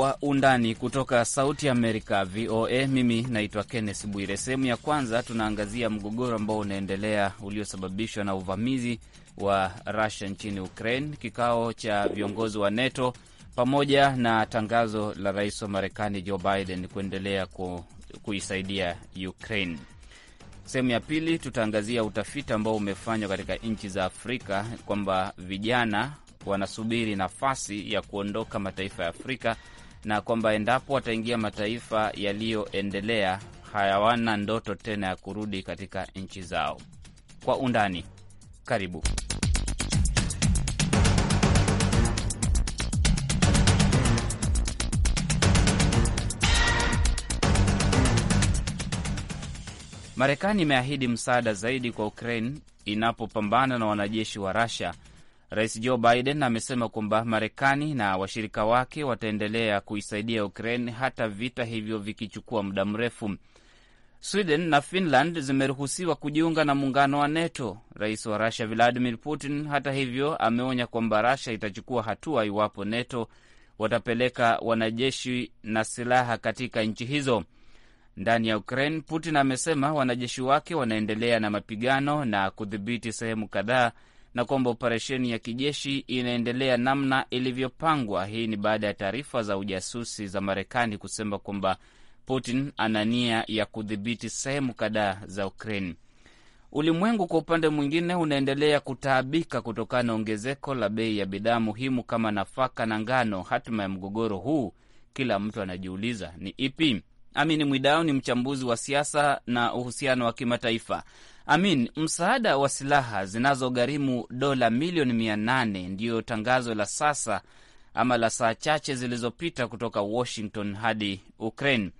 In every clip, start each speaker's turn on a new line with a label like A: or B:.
A: Kwa Undani kutoka Sauti Amerika, VOA. Mimi naitwa Kenneth Bwire. Sehemu ya kwanza tunaangazia mgogoro ambao unaendelea uliosababishwa na uvamizi wa Rusia nchini Ukraine, kikao cha viongozi wa NATO pamoja na tangazo la rais wa Marekani Joe Biden kuendelea ku, kuisaidia Ukraine. Sehemu ya pili tutaangazia utafiti ambao umefanywa katika nchi za Afrika kwamba vijana wanasubiri nafasi ya kuondoka mataifa ya Afrika na kwamba endapo wataingia mataifa yaliyoendelea hayawana ndoto tena ya kurudi katika nchi zao. Kwa undani, karibu. Marekani imeahidi msaada zaidi kwa Ukraine inapopambana na wanajeshi wa Russia Rais Joe Biden amesema kwamba Marekani na washirika wake wataendelea kuisaidia Ukraine hata vita hivyo vikichukua muda mrefu. Sweden na Finland zimeruhusiwa kujiunga na muungano wa NATO. Rais wa Rusia Vladimir Putin, hata hivyo, ameonya kwamba Rusia itachukua hatua iwapo NATO watapeleka wanajeshi na silaha katika nchi hizo. Ndani ya Ukraine, Putin amesema wanajeshi wake wanaendelea na mapigano na kudhibiti sehemu kadhaa na kwamba operesheni ya kijeshi inaendelea namna ilivyopangwa. Hii ni baada ya taarifa za ujasusi za Marekani kusema kwamba Putin ana nia ya kudhibiti sehemu kadhaa za Ukraine. Ulimwengu kwa upande mwingine unaendelea kutaabika kutokana na ongezeko la bei ya bidhaa muhimu kama nafaka na ngano. Hatima ya mgogoro huu, kila mtu anajiuliza ni ipi? Amini Mwidao ni mchambuzi wa siasa na uhusiano wa kimataifa. Amin, msaada wa silaha zinazogharimu dola milioni mia nane ndiyo tangazo la sasa ama la saa chache zilizopita kutoka Washington hadi Ukraine.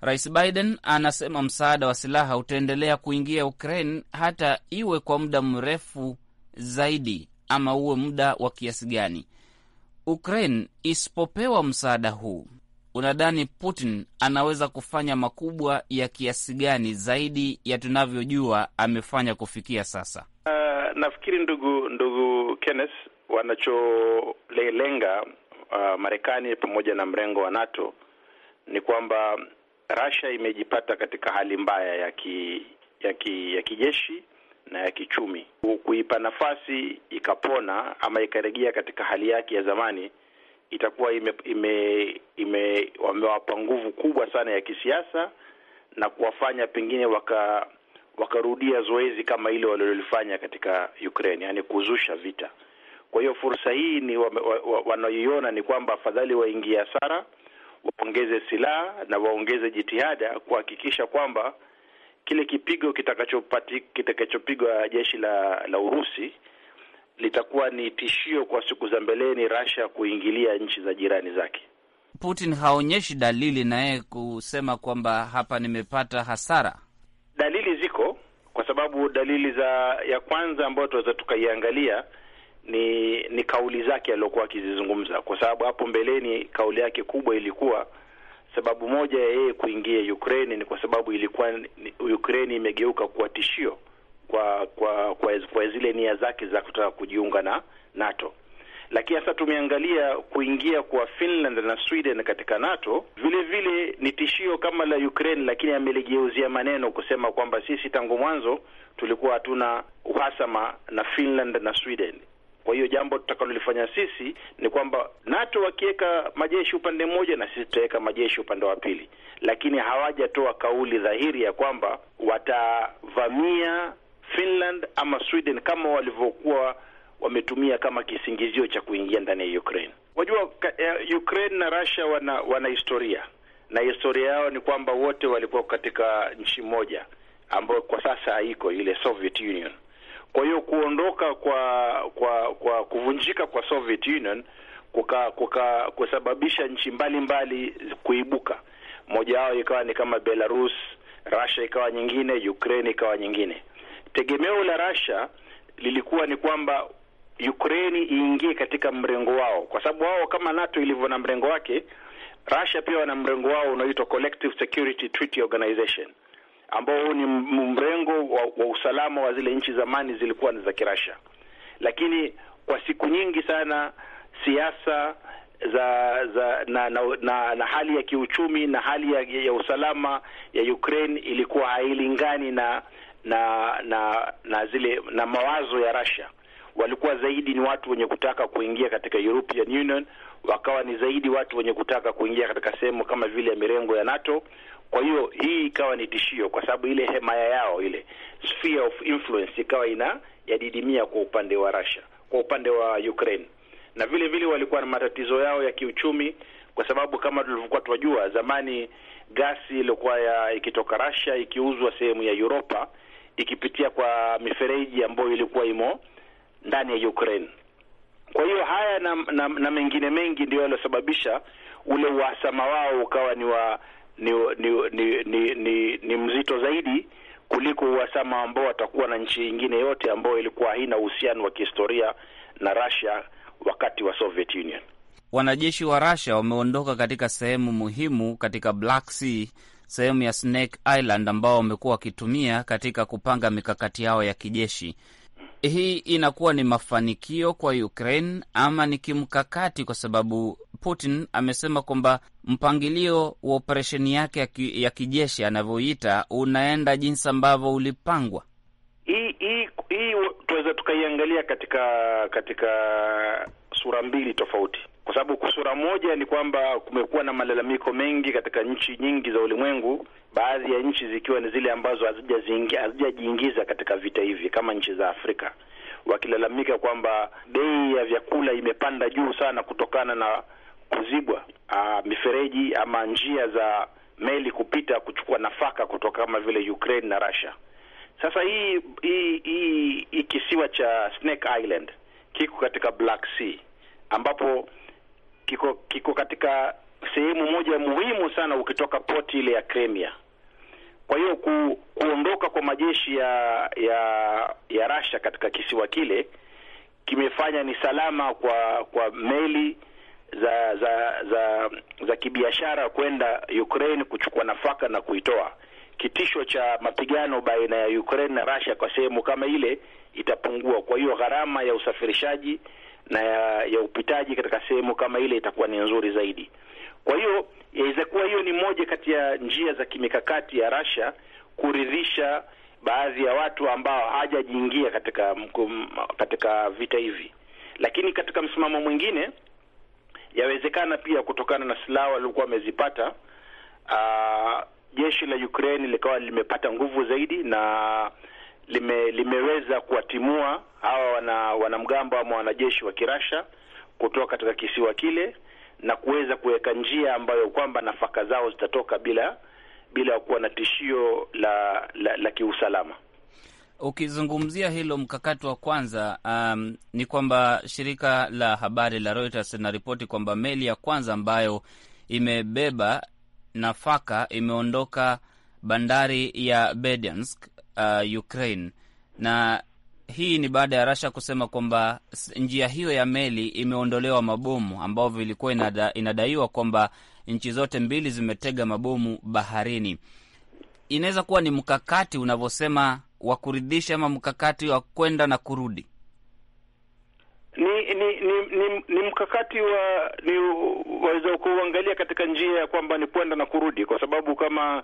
A: Rais Biden anasema msaada wa silaha utaendelea kuingia Ukraine hata iwe kwa muda mrefu zaidi ama uwe muda wa kiasi gani. Ukraine isipopewa msaada huu unadhani Putin anaweza kufanya makubwa ya kiasi gani zaidi ya tunavyojua amefanya kufikia sasa?
B: Uh, nafikiri ndugu ndugu Kenneth, wanacholenga uh, Marekani pamoja na mrengo wa NATO ni kwamba Russia imejipata katika hali mbaya ya ki, ya ki, ya kijeshi na ya kichumi. Kuipa nafasi ikapona ama ikaregia katika hali yake ya zamani itakuwa ime, ime, ime wamewapa nguvu kubwa sana ya kisiasa na kuwafanya pengine waka wakarudia zoezi kama ile walilolifanya katika Ukraine, yani kuzusha vita. Kwa hiyo fursa hii ni wanaoiona wa, wa, ni kwamba afadhali waingie hasara, waongeze silaha na waongeze jitihada kuhakikisha kwamba kile kipigo kitakachopati kitakachopigwa jeshi la la Urusi litakuwa ni tishio kwa siku za mbeleni Russia kuingilia nchi za jirani zake.
A: Putin haonyeshi dalili naye kusema kwamba hapa nimepata hasara.
B: Dalili ziko, kwa sababu dalili za ya kwanza ambayo tunaweza tukaiangalia ni ni kauli zake aliyokuwa akizizungumza, kwa sababu hapo mbeleni kauli yake kubwa ilikuwa sababu moja ya yeye kuingia Ukraine ni kwa sababu ilikuwa Ukraine imegeuka kuwa tishio kwa kwa kwa, kwa zile nia zake za kutaka kujiunga na NATO. Lakini sasa tumeangalia kuingia kwa Finland na Sweden katika NATO vile vile ni tishio kama la Ukraine, lakini ameligeuzia maneno kusema kwamba sisi tangu mwanzo tulikuwa hatuna uhasama na Finland na Sweden. Kwa hiyo jambo tutakalolifanya sisi ni kwamba NATO wakiweka majeshi upande mmoja na sisi tutaweka majeshi upande wa pili, lakini hawajatoa kauli dhahiri ya kwamba watavamia Finland ama Sweden kama walivyokuwa wametumia kama kisingizio cha kuingia ndani ya Ukraine. Wajua eh, Ukraine na Russia wana, wana historia na historia yao ni kwamba wote walikuwa katika nchi moja ambayo kwa sasa haiko ile Soviet Union. Kwa hiyo kuondoka kwa kwa kwa kuvunjika kwa Soviet Union kuka, kuka, kusababisha nchi mbalimbali kuibuka, moja wao ikawa ni kama Belarus, Russia ikawa nyingine, Ukraine ikawa nyingine. Tegemeo la Russia lilikuwa ni kwamba Ukraine iingie katika mrengo wao, kwa sababu wao kama NATO ilivyo na mrengo wake, Russia pia wana mrengo wao unaoitwa Collective Security Treaty Organization, ambao ni mrengo wa, wa usalama wa zile nchi zamani zilikuwa ni za Kirasha, lakini kwa siku nyingi sana siasa za za na na, na na hali ya kiuchumi na hali ya, ya usalama ya Ukraine ilikuwa hailingani na na na na zile na mawazo ya Russia walikuwa zaidi ni watu wenye kutaka kuingia katika European Union, wakawa ni zaidi watu wenye kutaka kuingia katika sehemu kama vile ya mirengo ya NATO. Kwa hiyo hii ikawa ni tishio, kwa sababu ile hemaya yao ile sphere of influence ikawa ina yadidimia kwa upande wa Russia, kwa upande wa Ukraine, na vile vile walikuwa na matatizo yao ya kiuchumi, kwa sababu kama tulivyokuwa tunajua zamani, gasi ilikuwa ikitoka Russia ikiuzwa sehemu ya Europa ikipitia kwa mifereji ambayo ilikuwa imo ndani ya Ukraine. Kwa hiyo haya na, na, na mengine mengi ndio yalosababisha ule uhasama wao ukawa ni wa ni ni, ni, ni, ni ni mzito zaidi kuliko uhasama ambao watakuwa na nchi nyingine yote ambayo ilikuwa haina uhusiano wa kihistoria na Russia wakati wa Soviet Union.
A: Wanajeshi wa Russia wameondoka katika sehemu muhimu katika Black Sea sehemu ya Snake Island ambao wamekuwa wakitumia katika kupanga mikakati yao ya kijeshi. Hii inakuwa ni mafanikio kwa Ukraine ama ni kimkakati? Kwa sababu Putin amesema kwamba mpangilio wa operesheni yake ya kijeshi anavyoita unaenda jinsi ambavyo ulipangwa.
B: Hii hii hii tunaweza tukaiangalia katika katika sura mbili tofauti kwa sababu sura moja ni kwamba kumekuwa na malalamiko mengi katika nchi nyingi za ulimwengu, baadhi ya nchi zikiwa ni zile ambazo hazijajiingiza katika vita hivi kama nchi za Afrika, wakilalamika kwamba bei ya vyakula imepanda juu sana kutokana na kuzibwa aa, mifereji ama njia za meli kupita kuchukua nafaka kutoka kama vile Ukraine na Russia. Sasa hii hii hii, hii kisiwa cha Snake Island kiko katika Black Sea ambapo kiko, kiko katika sehemu moja muhimu sana ukitoka poti ile ya Crimea. Kwa hiyo ku, kuondoka kwa majeshi ya ya ya Russia katika kisiwa kile kimefanya ni salama kwa kwa meli za za za, za kibiashara kwenda Ukraine kuchukua nafaka na kuitoa. Kitisho cha mapigano baina ya Ukraine na Russia kwa sehemu kama ile itapungua. Kwa hiyo gharama ya usafirishaji na ya, ya upitaji katika sehemu kama ile itakuwa ni nzuri zaidi. Kwa hiyo yaweza kuwa hiyo ni moja kati ya njia za kimikakati ya Russia kuridhisha baadhi ya watu ambao hajajiingia katika mkum, katika vita hivi, lakini katika msimamo mwingine yawezekana pia kutokana na silaha waliokuwa wamezipata ah, jeshi la Ukraine likawa limepata nguvu zaidi na lime, limeweza kuwatimua hawa wana, wanamgambo ama wanajeshi wa Kirasha kutoka katika kisiwa kile na kuweza kuweka njia ambayo kwamba nafaka zao zitatoka bila bila kuwa na tishio la, la, la kiusalama.
A: Ukizungumzia hilo mkakati wa kwanza, um, ni kwamba shirika la habari la Reuters linaripoti kwamba meli ya kwanza ambayo imebeba nafaka imeondoka bandari ya Bediansk uh, Ukraine na hii ni baada ya Rasha kusema kwamba njia hiyo ya meli imeondolewa mabomu ambayo vilikuwa inada, inadaiwa kwamba nchi zote mbili zimetega mabomu baharini. Inaweza kuwa ni mkakati unavyosema wa kuridhisha ama mkakati wa kwenda na kurudi.
B: Ni ni ni, ni, ni mkakati wa ni waweza kuangalia katika njia ya kwamba ni kwenda na kurudi, kwa sababu kama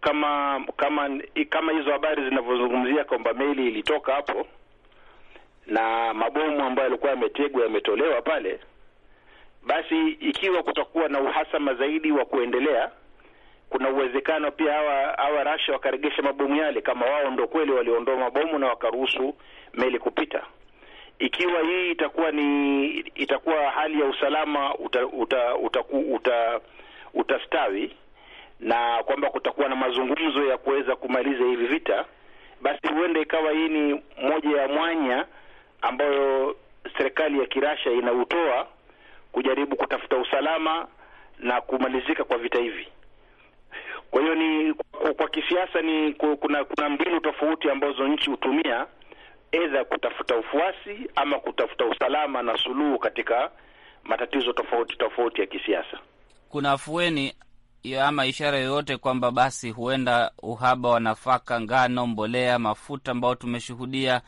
B: kama kama kama hizo habari zinavyozungumzia kwamba meli ilitoka hapo na mabomu ambayo yalikuwa yametegwa yametolewa pale, basi ikiwa kutakuwa na uhasama zaidi wa kuendelea, kuna uwezekano pia hawa hawa rasha wakaregesha mabomu yale, kama wao ndo kweli waliondoa mabomu na wakaruhusu meli kupita. Ikiwa hii itakuwa ni itakuwa hali ya usalama uta, uta, uta, uta, uta, utastawi na kwamba kutakuwa na mazungumzo ya kuweza kumaliza hivi vita, basi huenda ikawa hii ni moja ya mwanya ambayo serikali ya Kirasha inautoa kujaribu kutafuta usalama na kumalizika kwa vita hivi. Kwa hiyo ni kwa, kwa kisiasa ni kuna kuna mbinu tofauti ambazo nchi hutumia aidha kutafuta ufuasi ama kutafuta usalama na suluhu katika matatizo tofauti tofauti ya kisiasa.
A: Kuna afueni ama ishara yoyote kwamba basi huenda uhaba wa nafaka, ngano, mbolea, mafuta ambao tumeshuhudia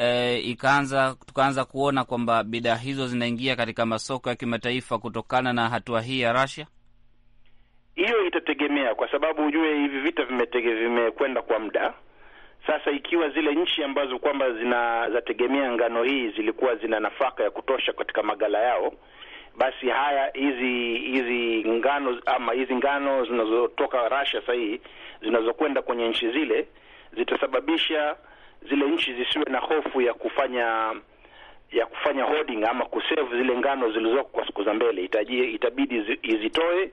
A: E, ikaanza tukaanza kuona kwamba bidhaa hizo zinaingia katika masoko ya kimataifa kutokana na hatua hii ya Russia.
B: Hiyo itategemea kwa sababu ujue hivi vita vimekwenda kwa muda sasa. Ikiwa zile nchi ambazo kwamba zinazategemea ngano hii zilikuwa zina nafaka ya kutosha katika magala yao basi haya hizi hizi ngano ama hizi ngano zinazotoka Russia sasa hii zinazokwenda kwenye nchi zile zitasababisha zile nchi zisiwe na hofu ya kufanya ya kufanya holding ama kusave zile ngano zilizoko kwa siku za mbele. Itajie, itabidi izitoe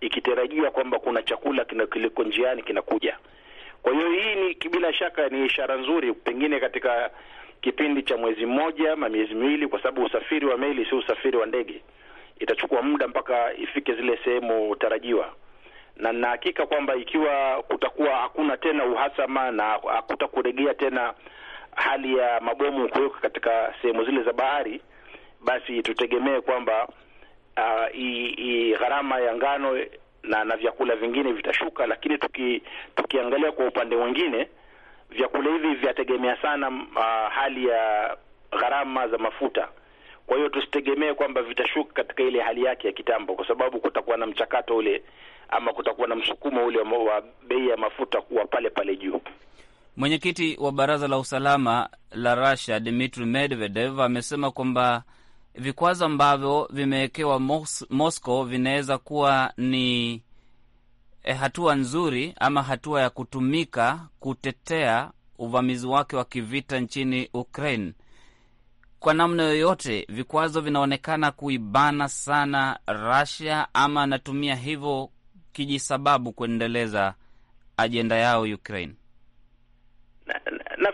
B: ikitarajia kwamba kuna chakula kiliko njiani kinakuja. Kwa hiyo hii ni bila shaka ni ishara nzuri, pengine katika kipindi cha mwezi mmoja ama miezi miwili, kwa sababu usafiri wa meli si usafiri wa ndege itachukua muda mpaka ifike zile sehemu tarajiwa, na nahakika kwamba ikiwa kutakuwa hakuna tena uhasama na hakuta kuregea tena hali ya mabomu kuweka katika sehemu zile za bahari, basi tutegemee kwamba uh, gharama ya ngano na na vyakula vingine vitashuka, lakini tuki, tukiangalia kwa upande mwingine vyakula hivi vyategemea sana uh, hali ya gharama za mafuta kwa hiyo tusitegemee kwamba vitashuka katika ile hali yake ya kitambo, kwa sababu kutakuwa na mchakato ule ama kutakuwa na msukumo ule wa bei ya mafuta kuwa pale pale juu.
A: Mwenyekiti wa baraza la usalama la Russia dmitri Medvedev amesema kwamba vikwazo ambavyo vimewekewa Moscow vinaweza kuwa ni e, hatua nzuri ama hatua ya kutumika kutetea uvamizi wake wa kivita nchini Ukraine kwa namna yoyote vikwazo vinaonekana kuibana sana Russia, ama anatumia hivyo kijisababu kuendeleza ajenda yao Ukraine.
B: Na, na,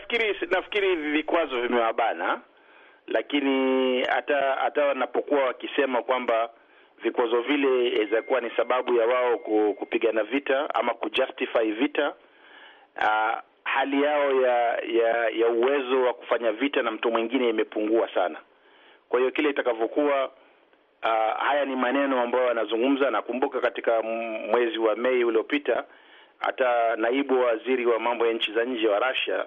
B: nafikiri hivi vikwazo vimewabana, lakini hata hata wanapokuwa wakisema kwamba vikwazo vile inaweza kuwa ni sababu ya wao kupigana vita ama kujustify vita, uh, hali yao ya ya ya uwezo wa kufanya vita na mtu mwingine imepungua sana. Kwa hiyo kile itakavyokuwa, uh, haya ni maneno ambayo anazungumza Nakumbuka katika mwezi wa Mei uliopita hata naibu waziri wa mambo ya nchi za nje wa Russia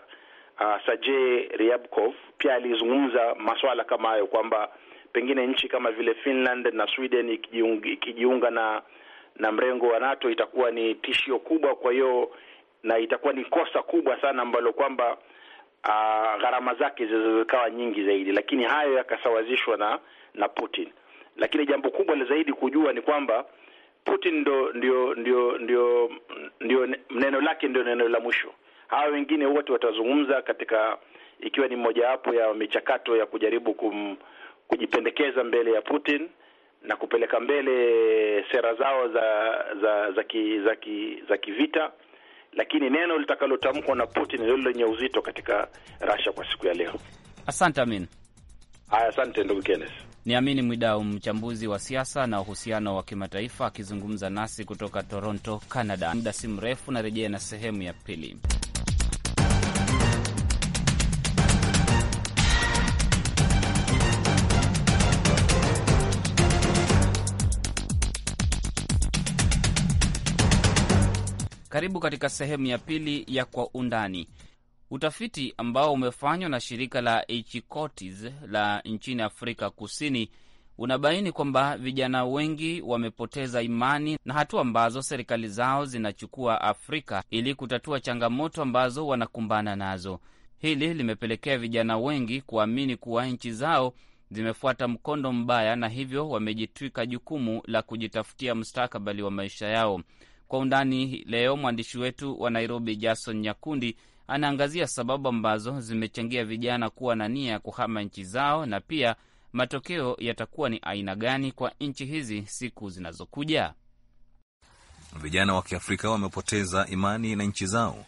B: uh, ah, Sergey Ryabkov pia alizungumza masuala kama hayo kwamba pengine nchi kama vile Finland na Sweden ikijiunga, ikijiunga na na mrengo wa NATO itakuwa ni tishio kubwa, kwa hiyo na itakuwa ni kosa kubwa sana ambalo kwamba uh, gharama zake zikawa nyingi zaidi, lakini hayo yakasawazishwa na na Putin. Lakini jambo kubwa la zaidi kujua ni kwamba Putin ndio ndio ndio ndio ndio neno lake ndio neno la mwisho. Hawa wengine wote watazungumza katika, ikiwa ni mojawapo ya michakato ya kujaribu kum, kujipendekeza mbele ya Putin na kupeleka mbele sera zao za za za ki, za ki, za kivita lakini neno litakalotamkwa na Putin ndilo lenye uzito katika Russia kwa siku ya leo.
A: Asante Amin.
B: Haya, asante ndugu Kenneth.
A: Ni Amini Mwidau, mchambuzi wa siasa na uhusiano wa kimataifa, akizungumza nasi kutoka Toronto, Canada. Muda si mrefu narejea na sehemu ya pili. Karibu katika sehemu ya pili ya Kwa Undani. Utafiti ambao umefanywa na shirika la Ichikotis la nchini Afrika Kusini unabaini kwamba vijana wengi wamepoteza imani na hatua ambazo serikali zao zinachukua Afrika ili kutatua changamoto ambazo wanakumbana nazo. Hili limepelekea vijana wengi kuamini kuwa nchi zao zimefuata mkondo mbaya, na hivyo wamejitwika jukumu la kujitafutia mustakabali wa maisha yao. Kwa undani leo mwandishi wetu wa Nairobi, Jason Nyakundi, anaangazia sababu ambazo zimechangia vijana kuwa na nia ya kuhama nchi zao na pia matokeo yatakuwa ni aina gani kwa nchi hizi siku zinazokuja.
C: Vijana wa Kiafrika wamepoteza imani na nchi zao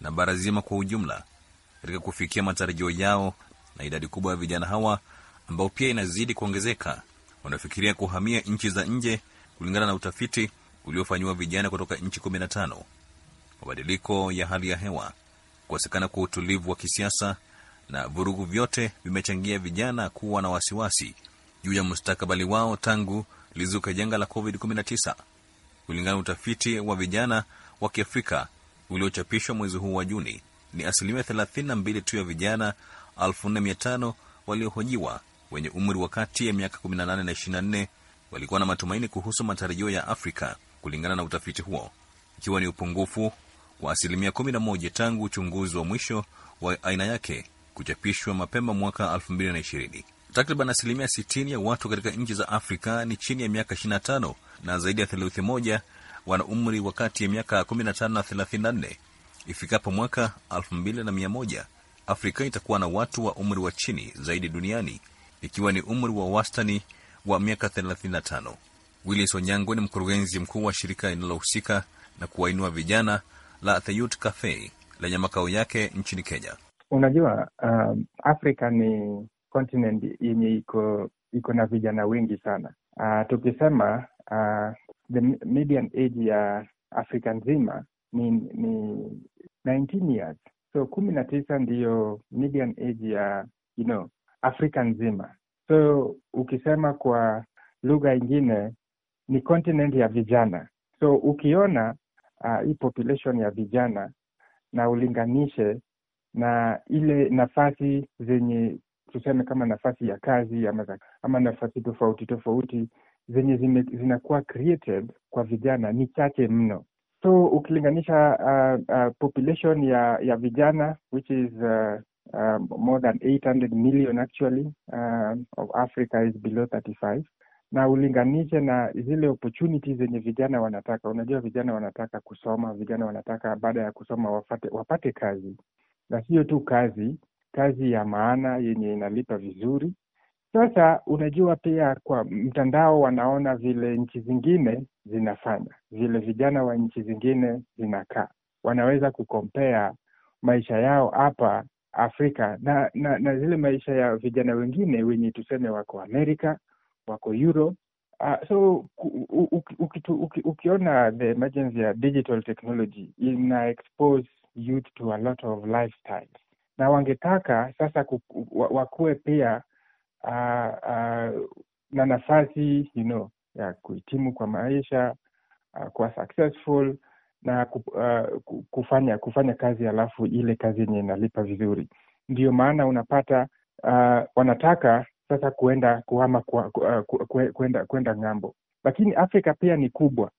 C: na bara zima kwa ujumla katika kufikia matarajio yao, na idadi kubwa ya vijana hawa ambao pia inazidi kuongezeka wanafikiria kuhamia nchi za nje, kulingana na utafiti uliofanyiwa vijana kutoka nchi 15, mabadiliko ya hali ya hewa, kukosekana kwa utulivu wa kisiasa na vurugu, vyote vimechangia vijana kuwa na wasiwasi juu ya mustakabali wao tangu lizuka janga la COVID-19, kulingana na utafiti wa vijana wa Kiafrika uliochapishwa mwezi huu wa Juni. Ni asilimia 32 tu ya vijana 4500 waliohojiwa wenye umri wa kati ya miaka 18 na 24 walikuwa na matumaini kuhusu matarajio ya Afrika kulingana na utafiti huo, ikiwa ni upungufu wa asilimia 11 tangu uchunguzi wa mwisho wa aina yake kuchapishwa mapema mwaka 2020. Takriban asilimia 60 ya watu katika nchi za Afrika ni chini ya miaka 25 na zaidi ya theluthi moja wana umri wa kati ya miaka 15 na 34. Ifikapo mwaka 2100 Afrika itakuwa na watu wa umri wa chini zaidi duniani, ikiwa ni umri wa wastani wa miaka 35. Willis Onyango ni mkurugenzi mkuu wa shirika linalohusika na kuwainua vijana la The Youth Cafe lenye makao yake nchini Kenya.
D: Unajua, um, Afrika ni continent yenye iko iko na vijana wengi sana. Uh, tukisema uh, the median age ya Afrika nzima ni ni 19 years, so kumi na tisa ndiyo median age ya you know Afrika nzima. So ukisema kwa lugha ingine ni continent ya vijana. So ukiona uh, hii population ya vijana na ulinganishe na ile nafasi zenye tuseme kama nafasi ya kazi ama, ama nafasi tofauti tofauti zenye zime, zinakuwa created kwa vijana ni chache mno so ukilinganisha uh, uh, population ya ya vijana which is uh, uh, more than 800 million actually uh, of africa is below 35 na ulinganishe na zile opportunities zenye vijana wanataka. Unajua, vijana wanataka kusoma, vijana wanataka baada ya kusoma wapate, wapate kazi, na sio tu kazi, kazi ya maana yenye inalipa vizuri. Sasa unajua pia kwa mtandao wanaona vile nchi zingine zinafanya, vile vijana wa nchi zingine zinakaa, wanaweza kukompea maisha yao hapa Afrika na, na, na zile maisha ya vijana wengine wenye tuseme wako Amerika wako Europe. Uh, so ukiona the emergence ya digital technology ina expose youth to a lot of lifestyles, na wangetaka sasa wakuwe pia uh, uh, na nafasi you know, ya kuhitimu kwa maisha uh, kuwa successful na uh, kufanya kufanya kazi alafu ile kazi yenye inalipa vizuri. Ndiyo maana unapata uh, wanataka sasa kuenda kuhama kuenda ku, eh, ku, ku, kuenda, ng'ambo lakini afrika pia ni kubwa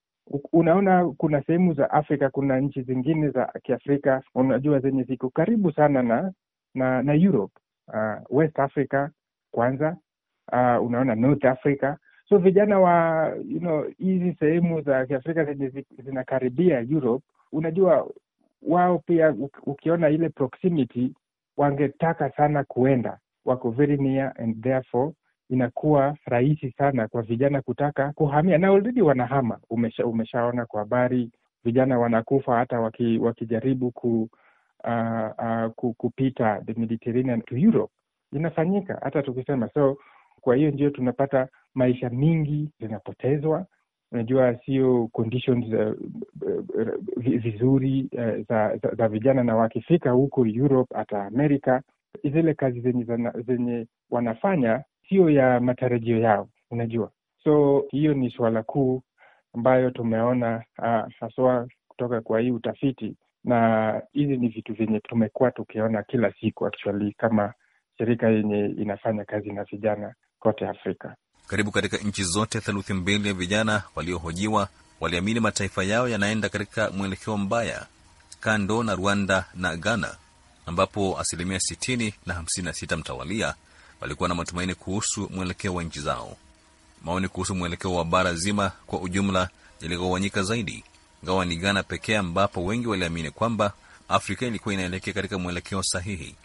D: unaona kuna sehemu za afrika kuna nchi zingine za kiafrika unajua zenye ziko karibu sana na na na europe uh, west africa kwanza uh, unaona north africa so vijana wa you know hizi sehemu za kiafrika zenye zinakaribia europe unajua wao pia ukiona ile proximity wangetaka sana kuenda wako very near and therefore inakuwa rahisi sana kwa vijana kutaka kuhamia na already wanahama umesha, umeshaona kwa habari vijana wanakufa hata waki, wakijaribu ku, uh, uh, ku, kupita the mediterranean to europe inafanyika hata tukisema so kwa hiyo ndio tunapata maisha mingi zinapotezwa unajua sio conditions uh, vizuri uh, za, za, za vijana na wakifika huko europe hata america zile kazi zenye, zenye wanafanya sio ya matarajio yao, unajua. So hiyo ni suala kuu ambayo tumeona ah, haswa kutoka kwa hii utafiti, na hizi ni vitu vyenye tumekuwa tukiona kila siku actually, kama shirika yenye inafanya kazi na vijana kote Afrika.
C: Karibu katika nchi zote theluthi mbili ya vijana waliohojiwa waliamini mataifa yao yanaenda katika mwelekeo mbaya, kando na Rwanda na Ghana ambapo asilimia 60 na 56 mtawalia walikuwa na matumaini kuhusu mwelekeo wa nchi zao. Maoni kuhusu mwelekeo wa bara zima kwa ujumla yaligawanyika zaidi, ingawa ni Ghana pekee ambapo wengi waliamini kwamba Afrika ilikuwa inaelekea katika mwelekeo sahihi.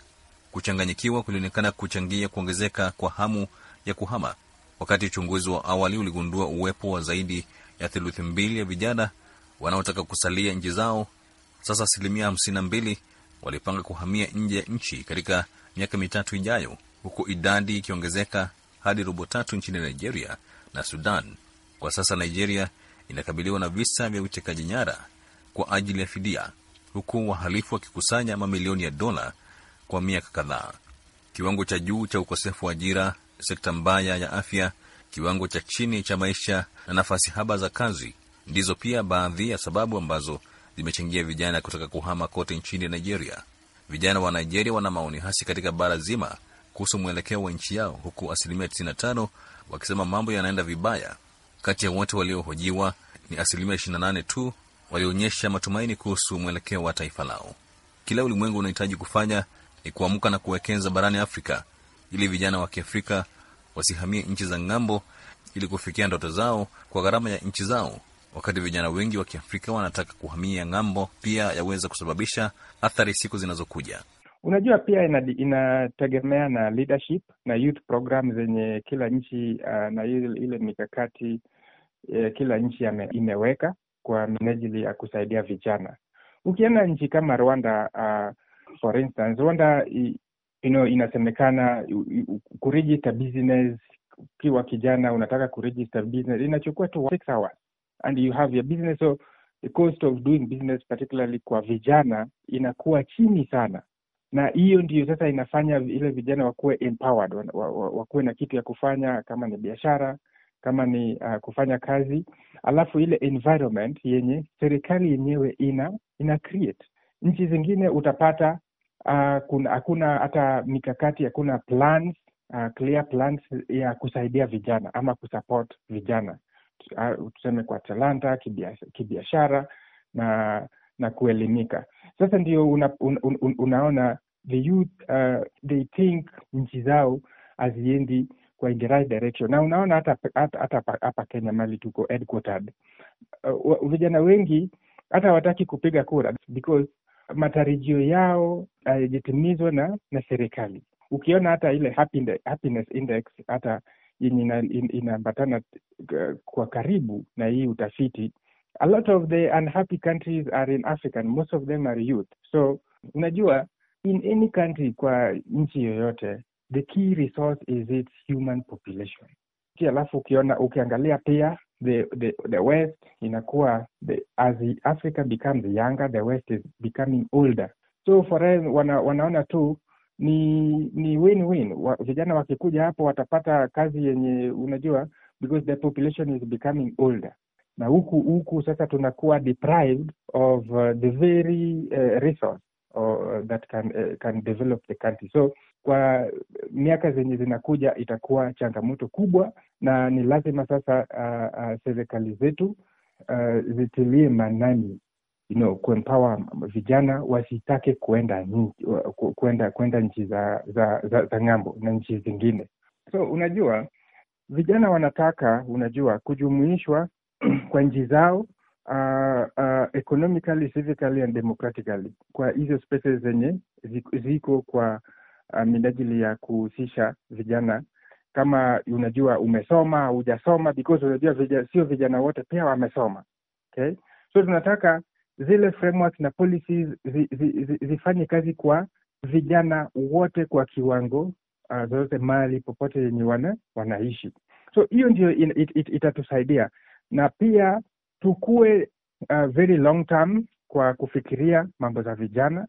C: Kuchanganyikiwa kulionekana kuchangia kuongezeka kwa hamu ya kuhama, wakati uchunguzi wa awali uligundua uwepo wa zaidi ya theluthi mbili ya vijana wanaotaka kusalia nchi zao. Sasa asilimia hamsini na mbili walipanga kuhamia nje ya nchi katika miaka mitatu ijayo, huku idadi ikiongezeka hadi robo tatu nchini Nigeria na Sudan. Kwa sasa Nigeria inakabiliwa na visa vya utekaji nyara kwa ajili ya fidia, huku wahalifu wakikusanya mamilioni ya dola kwa miaka kadhaa. Kiwango cha juu cha ukosefu wa ajira, sekta mbaya ya afya, kiwango cha chini cha maisha na nafasi haba za kazi ndizo pia baadhi ya sababu ambazo zimechangia vijana kutoka kuhama kote nchini Nigeria. Vijana wa Nigeria wana maoni hasi katika bara zima kuhusu mwelekeo wa nchi yao, huku asilimia 95 wakisema mambo yanaenda vibaya. Kati ya wote waliohojiwa ni asilimia 28 tu walionyesha matumaini kuhusu mwelekeo wa taifa lao. Kila ulimwengu unahitaji kufanya ni kuamka na kuwekeza barani Afrika ili vijana wa Kiafrika wasihamie nchi za ng'ambo ili kufikia ndoto zao kwa gharama ya nchi zao wakati vijana wengi wa Kiafrika wanataka kuhamia ng'ambo, pia yaweza kusababisha athari siku zinazokuja.
D: Unajua, pia inategemea na leadership na youth program zenye kila nchi uh, na ile, ile mikakati uh, kila nchi imeweka kwa minajili ya kusaidia vijana. Ukienda nchi kama Rwanda uh, for instance, Rwanda you know, inasemekana kuregister business ukiwa kijana unataka kuregister business inachukua tu six hours and you have your business so the cost of doing business particularly kwa vijana inakuwa chini sana na hiyo ndio sasa inafanya ile vijana wakuwe empowered wakuwe na kitu ya kufanya kama ni biashara kama ni uh, kufanya kazi alafu ile environment yenye serikali yenyewe ina ina create nchi zingine utapata uh, kuna hata mikakati hakuna plans uh, clear plans ya kusaidia vijana ama kusupport vijana tuseme kwa talanta, kibiashara na na kuelimika. Sasa ndio una, un, un, unaona the youth uh, they think nchi zao haziendi kwa in the right direction, na unaona hata hata hapa Kenya mali tuko headquartered uh, vijana wengi hata hawataki kupiga kura because matarajio yao hayajatimizwa uh, na na serikali. Ukiona hata ile happiness index hata yenye inaambatana eh, kwa karibu na hii utafiti a lot of the unhappy countries are in africa and most of them are youth so unajua in any country kwa nchi yoyote the key resource is its human population alafu ukiona ukiangalia pia the, the, the west inakuwa the, as the africa becomes younger the west is becoming older so foreign wana, wanaona tu ni ni win win wa, vijana wakikuja hapo watapata kazi yenye unajua because the population is becoming older na huku huku sasa tunakuwa deprived of uh, the very uh, resource uh, that can, uh, can develop the country so kwa miaka zenye zinakuja itakuwa changamoto kubwa na ni lazima sasa uh, uh, serikali zetu uh, zitilie manani you know, kuempower vijana wasitake kuenda kuenda kuenda nchi za za, za, za ng'ambo na nchi zingine. So unajua vijana wanataka unajua kujumuishwa kwa nchi zao uh, uh, economically, civically and democratically kwa hizo spaces zenye ziko kwa uh, minajili ya kuhusisha vijana kama unajua umesoma hujasoma because unajua vijana, sio vijana wote pia wamesoma okay? so tunataka zile framework na policies zi, zi, zi, zifanye kazi kwa vijana wote kwa kiwango uh, zote mali popote yenye wana, wanaishi so hiyo ndio it, it, itatusaidia na pia tukue uh, very long term kwa kufikiria mambo za vijana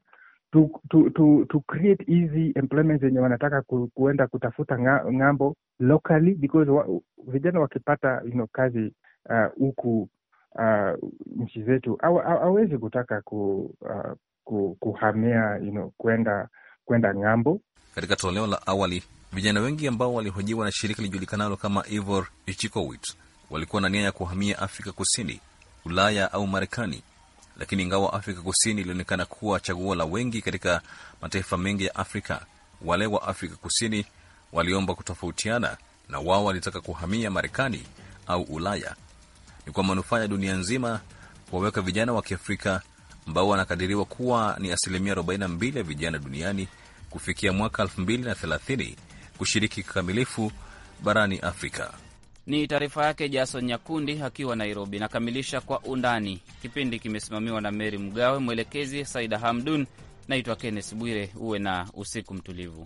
D: to, to, to, to create easy employment zenye wanataka ku, kuenda kutafuta ng'ambo locally because wa, vijana wakipata you know, kazi uh, huku uh, uh, nchi zetu hawezi kutaka ku, uh, ku, kuhamia you know, kwenda kwenda ng'ambo.
C: Katika toleo la awali, vijana wengi ambao walihojiwa na shirika lijulikanalo kama Ivor Ichikowit walikuwa na nia ya kuhamia Afrika Kusini, Ulaya au Marekani, lakini ingawa Afrika Kusini ilionekana kuwa chaguo la wengi katika mataifa mengi ya Afrika, wale wa Afrika Kusini waliomba kutofautiana na wao walitaka kuhamia Marekani au Ulaya ni kwa manufaa ya dunia nzima kuwaweka vijana wa Kiafrika ambao wanakadiriwa kuwa ni asilimia 42 ya vijana duniani kufikia mwaka 2030 kushiriki kikamilifu barani Afrika.
A: Ni taarifa yake Jason Nyakundi akiwa Nairobi. Nakamilisha kwa undani. Kipindi kimesimamiwa na Meri Mgawe, mwelekezi Saida Hamdun. Naitwa Kenneth Bwire. Uwe na usiku mtulivu.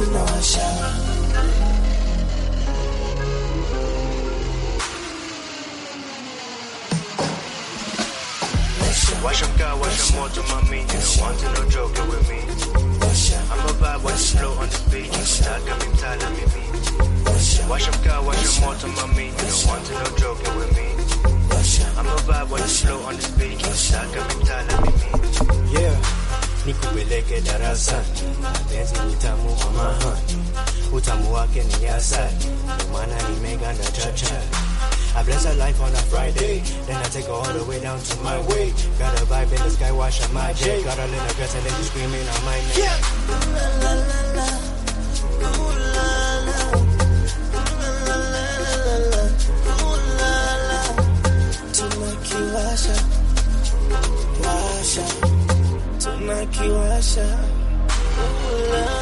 E: me know I shine. Wash up car, wash up motor, mommy. You don't want to no joke with me. I'm a vibe, watch the flow on the beat. You start coming tired of me. Wash up car, wash up motor, mommy. You don't want to no joke with me. I'm a vibe, watch the flow on the beat. You start coming tired of me. Yeah nikupeleke utamu wake ni maana nimeganda chacha. I bless her life on a Friday. Then I take her all the way down to my way. Got a vibe in the sky, wash up my J. Got a in a dress and then she's screaming on my name. Yeah nakiwasha Ula.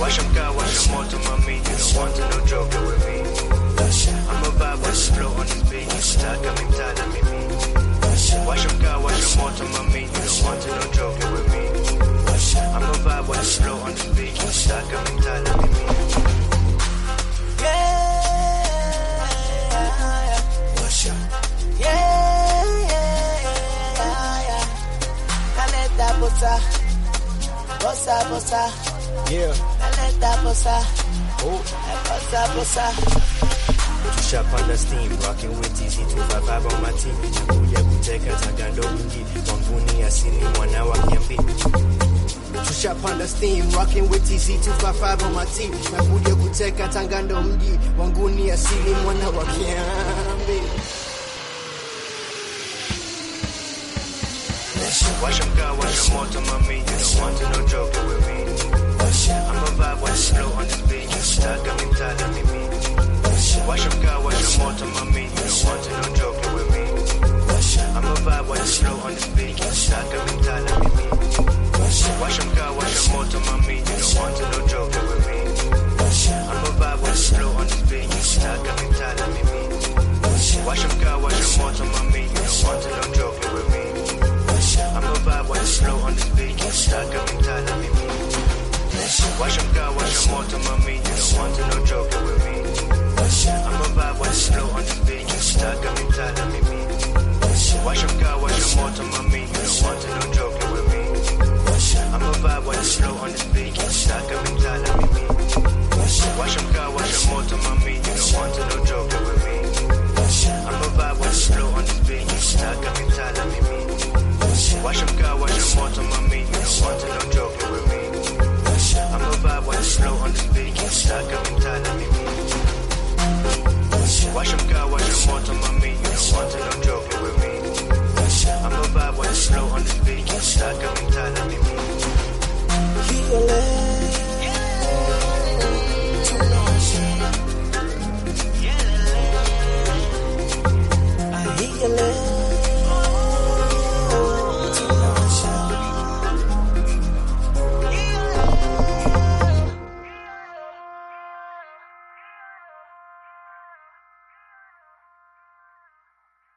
E: Wash em God, wash em all to my meat. You don't want to no joker with me. I'm a vibe with the flow on this beat. Mtaka mi mtada mimi. Wash em God, wash em all to my meat. You don't want to no joker with me. I'm a vibe with the flow on this beat. Mtaka mi mtada mimi. bossa, bossa, bossa. Yeah. Naleta bossa. Oh. Bossa, bossa. Tushapanda steam rocking with TZ 255 on my team. Kuja kuteka taka ndogo hii wanguni asini mwana wa kiambi. Tushapanda steam rocking with TZ 255 on my team. Nakuja kuteka tanga ndo mji wanguni asili mwana wa kiambi Watch him God, watch him more to my me. You don't want to no joker with me. I'm a vibe, watch him blow on this beat. Tired, got me tired, got me me. Watch him God, watch him more to my me. You don't want to no joker with me. I'm a vibe, watch him blow on this beat. Tired, got me tired, got me me. Watch him God, watch him more to my me. You don't want to no joker with me. I'm a vibe, watch him blow on this beat. Tired, got me tired, got me me. Watch him God, watch him more to my me. You don't want to no joker with me. I'm a vibe, while the flow on this beat. Stuck up in time, let me move. Watch them go, watch them all to my mommy. You don't want to no joke with me. I'm a vibe, while the flow on this beat. Stuck up in time, let me move. Watch them go, watch them all to my mommy. You don't want to no joke